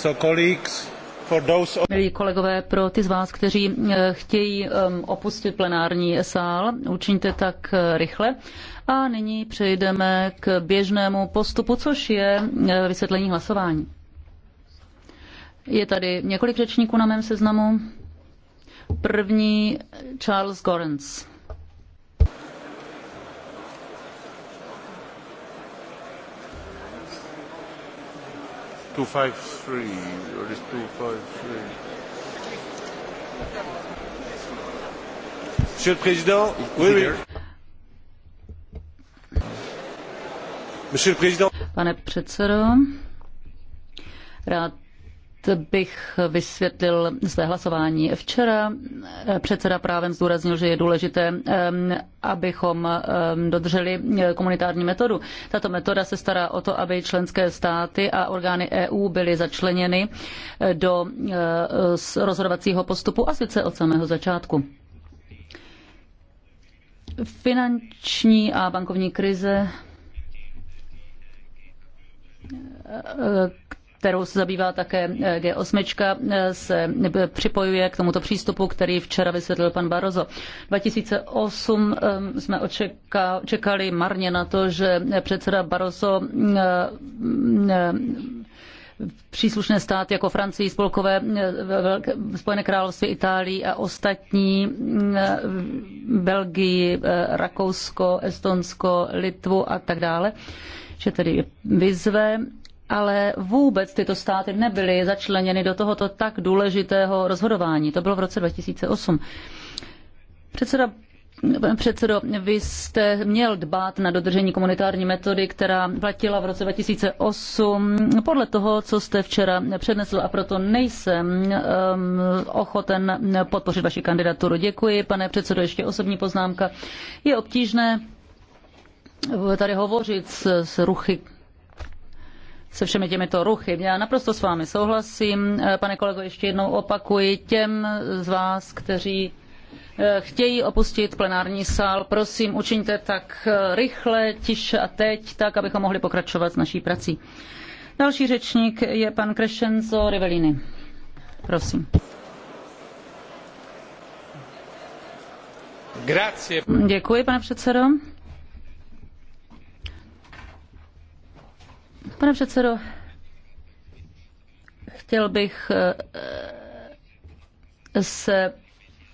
So those... Milí kolegové, pro ty z vás, kteří eh, chtějí opustit plenární sál, učiňte tak eh, rychle. A nyní přejdeme k běžnému postupu, což je eh, vysvětlení hlasování. Je tady několik řečníků na mém seznamu. První Charles Gorens. Pane or is 253? Monsieur le Président, oui, oui. Monsieur le Président. Pane a rád bych vysvětlil své hlasování. Včera eh, předseda právem zdůraznil, že je důležité, eh, abychom eh, dodrželi komunitární metodu. Tato metoda se stará o to, aby členské státy a orgány EU byly začleněny do rozhodovacího postupu a sice od samého začátku. Finanční a bankovní krize, kterou se zabývá také eh, G8, eh, se eh, připojuje k tomuto přístupu, který včera vysvětlil pan Barozo. 2008 jsme očeka, čekali marně na to, že předseda Barozo příslušné státy jako Francii, Spolkové, Spojené království, Itálii a ostatní, Belgii, Rakousko, Estonsko, Litvu a tak dále, že tedy vyzve ale vůbec tyto státy nebyly začleněny do tohoto tak důležitého rozhodování. To bylo v roce 2008. Předseda Pane předsedo, vy jste měl dbát na dodržení komunitární metody, která platila v roce 2008 podle toho, co jste včera přednesl a proto nejsem um, ochoten podpořit vaši kandidaturu. Děkuji, pane předsedo, ještě osobní poznámka. Je obtížné tady hovořit s, s ruchy se všemi těmito ruchy. Já naprosto s vámi souhlasím. Eh, pane kolego, ještě jednou opakuji těm z vás, kteří eh, chtějí opustit plenární sál, prosím, učiňte tak eh, rychle, tiše a teď, tak, abychom mohli pokračovat s naší prací. Další řečník je pan Crescenzo Rivellini. Prosím. Grazie. Děkuji, pane předsedo. Pane předsedo, chtěl bych eh, se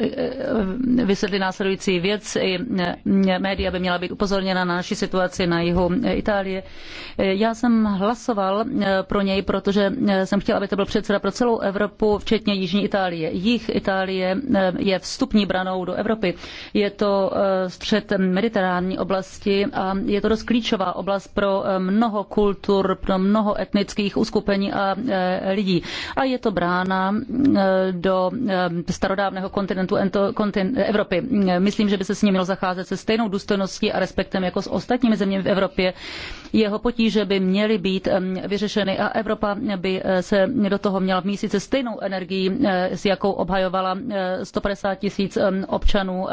Eh, vysvětlit následující věc. I eh, média by měla být upozorněna na naši situaci na jihu Itálie. Eh, já jsem hlasoval pro něj, protože jsem chtěla, aby to byl předseda pro celou Evropu, včetně Jižní Itálie. Jih Itálie je vstupní branou do Evropy. Je to střed mediterální oblasti a je to dost klíčová oblast pro mnoho kultur, pro mnoho etnických uskupení a lidí. A je to brána do starodávného kontinentu parlamentu Evropy. Myslím, že by se s ním mělo zacházet se stejnou důstojností a respektem jako s ostatními zeměmi v Evropě. Jeho potíže by měly být vyřešeny a Evropa by eh, se do toho měla vmísit se stejnou energií, eh, s jakou obhajovala 150 eh, tisíc občanů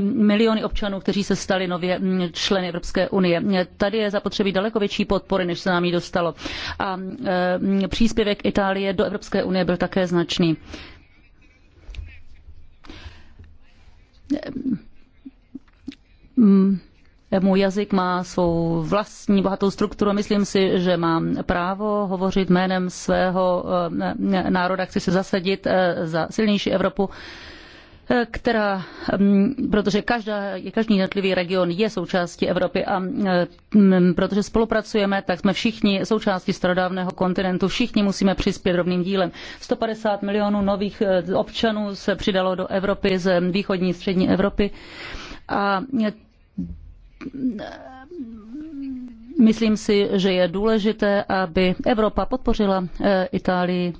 miliony občanů, kteří se stali nově členy Evropské unie. Tady je zapotřebí daleko větší podpory, než se nám jí dostalo. A příspěvek Itálie do Evropské unie byl také značný můj jazyk má svou vlastní bohatou strukturu. Myslím si, že mám právo hovořit jménem svého e, národa. Chci se zasadit e, za silnější Evropu která, mm, protože každá, každý jednotlivý region je součástí Evropy a mm, protože spolupracujeme, tak jsme všichni součástí starodávného kontinentu, všichni musíme přispět rovným dílem. 150 milionů nových eh, občanů se přidalo do Evropy z východní střední Evropy a eh, myslím si, že je důležité, aby Evropa podpořila eh, Itálii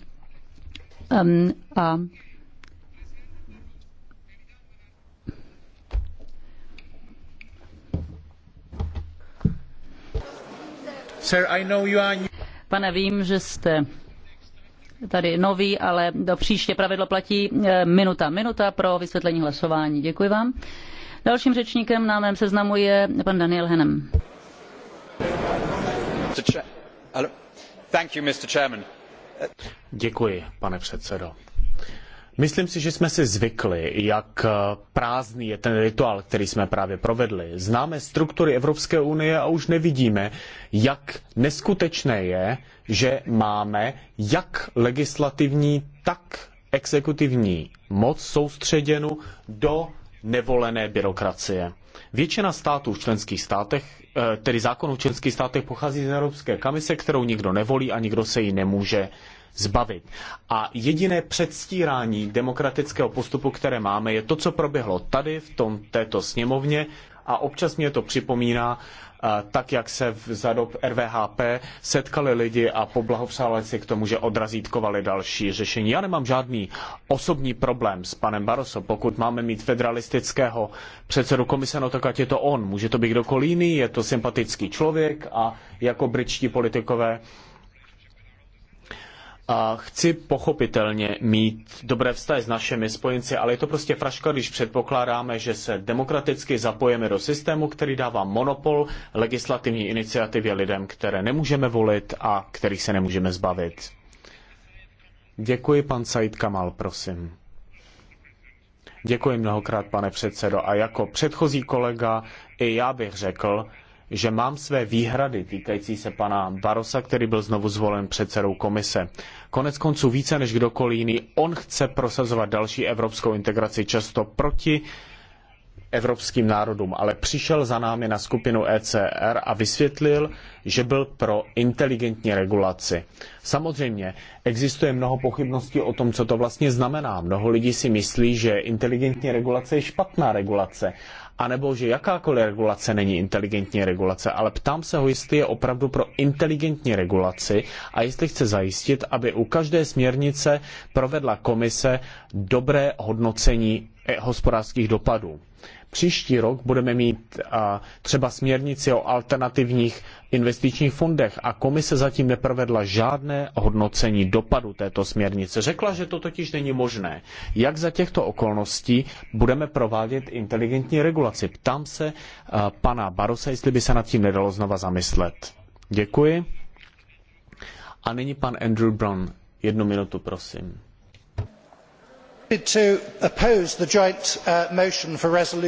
mm, a Pane, vím, že jste tady nový, ale do příště pravidlo platí eh, minuta. Minuta pro vysvětlení hlasování. Děkuji vám. Dalším řečníkem na mém seznamu je pan Daniel Henem. Děkuji, pane předsedo. Myslím si, že jsme si zvykli, jak eh, prázdný je ten rituál, který jsme právě provedli. Známe struktury Evropské unie a už nevidíme, jak neskutečné je, že máme jak legislativní, tak exekutivní moc soustředěnu do nevolené byrokracie. Většina států v členských státech, eh, tedy zákonů v členských státech pochází z Evropské komise, kterou nikdo nevolí a nikdo se jí nemůže zbavit. A jediné předstírání demokratického postupu, které máme, je to, co proběhlo tady v tom, této sněmovně a občas mě to připomíná, eh, tak jak se v zadob RVHP setkali lidi a poblahopřáli si k tomu, že odrazítkovali další řešení. Já nemám žádný osobní problém s panem Barroso. Pokud máme mít federalistického předsedu komise, no tak ať je to on. Může to být kdokoliv jiný, je to sympatický člověk a jako britští politikové a chci pochopitelně mít dobré vztahy s našimi spojenci, ale je to prostě fraška, když předpokládáme, že se demokraticky zapojíme do systému, který dává monopol legislativní iniciativě lidem, které nemůžeme volit a kterých se nemůžeme zbavit. Děkuji, pan Said Kamal, prosím. Děkuji mnohokrát, pane předsedo. A jako předchozí kolega, i já bych řekl, že mám své výhrady týkající se pana Barosa, který byl znovu zvolen předsedou komise. Konec konců více než kdokoliv jiný, on chce prosazovat další evropskou integraci často proti evropským národům, ale přišel za námi na skupinu ECR a vysvětlil, že byl pro inteligentní regulaci. Samozřejmě existuje mnoho pochybností o tom, co to vlastně znamená. Mnoho lidí si myslí, že inteligentní regulace je špatná regulace, anebo že jakákoliv regulace není inteligentní regulace, ale ptám se ho, jestli je opravdu pro inteligentní regulaci a jestli chce zajistit, aby u každé směrnice provedla komise dobré hodnocení eh, hospodářských dopadů. Příští rok budeme mít třeba směrnici o alternativních investičních fondech a komise zatím neprovedla žádné hodnocení dopadu této směrnice. Řekla, že to totiž není možné. Jak za těchto okolností budeme provádět inteligentní regulaci? Ptám se pana Barosa, jestli by se nad tím nedalo znova zamyslet. Děkuji. A nyní pan Andrew Brown. Jednu minutu, prosím. Uh,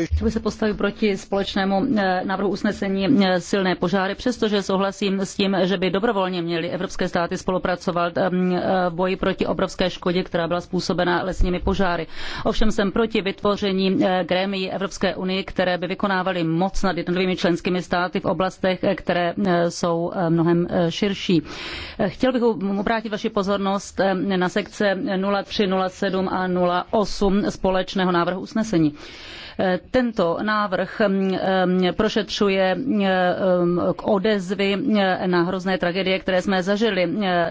chtěl bych se postavit proti společnému uh, návrhu usnesení uh, silné požáry, přestože souhlasím s tím, že by dobrovolně měly evropské státy spolupracovat um, v boji proti obrovské škodě, která byla způsobena lesními požáry. Ovšem jsem proti vytvoření grémií Evropské unie, které by vykonávaly moc nad jednotlivými členskými státy v oblastech, které jsou mnohem širší. Chtěl bych obrátit vaši pozornost um, na sekce 0307 a 0 8 společného návrhu usnesení. E, tento návrh prošetřuje e, k odezvy e, na hrozné tragédie, které jsme zažili,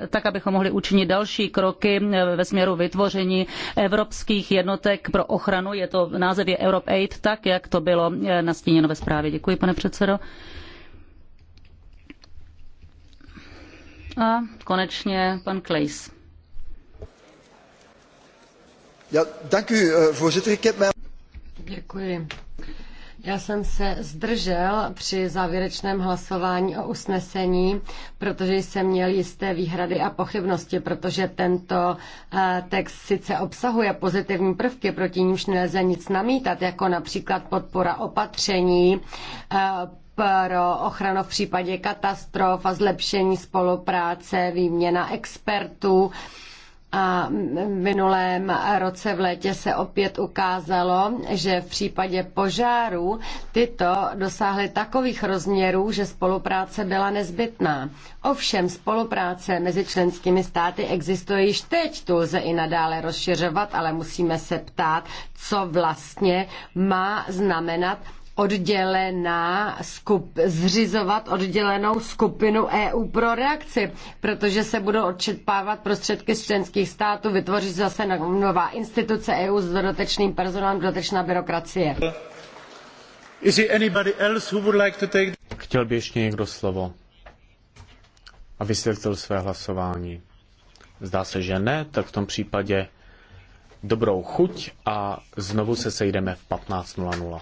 tak, abychom mohli učinit další kroky ve směru vytvoření evropských jednotek pro ochranu. Je to název je Europe Aid, tak, jak to bylo nastíněno ve zprávě. Děkuji, pane předsedo. A konečně pan Klejs dank u, eh, voorzitter. Ik heb mijn... Děkuji. Já jsem se zdržel při závěrečném hlasování o usnesení, protože jsem měl jisté výhrady a pochybnosti, protože tento eh, text sice obsahuje pozitivní prvky, proti nímž nelze nic namítat, jako například podpora opatření eh, pro ochranu v případě katastrof a zlepšení spolupráce, výměna expertů. A v minulém roce v létě se opět ukázalo, že v případě požáru tyto dosáhly takových rozměrů, že spolupráce byla nezbytná. Ovšem spolupráce mezi členskými státy existuje již teď, tu lze i nadále rozšiřovat, ale musíme se ptát, co vlastně má znamenat oddělená skup, zřizovat oddělenou skupinu EU pro reakci, protože se budou odčetpávat prostředky z členských států, vytvoří zase no- nová instituce EU s dodatečným personálem, dodatečná byrokracie. Like Chtěl by ještě někdo slovo a vysvětlil své hlasování. Zdá se, že ne, tak v tom případě dobrou chuť a znovu se sejdeme v 15.00.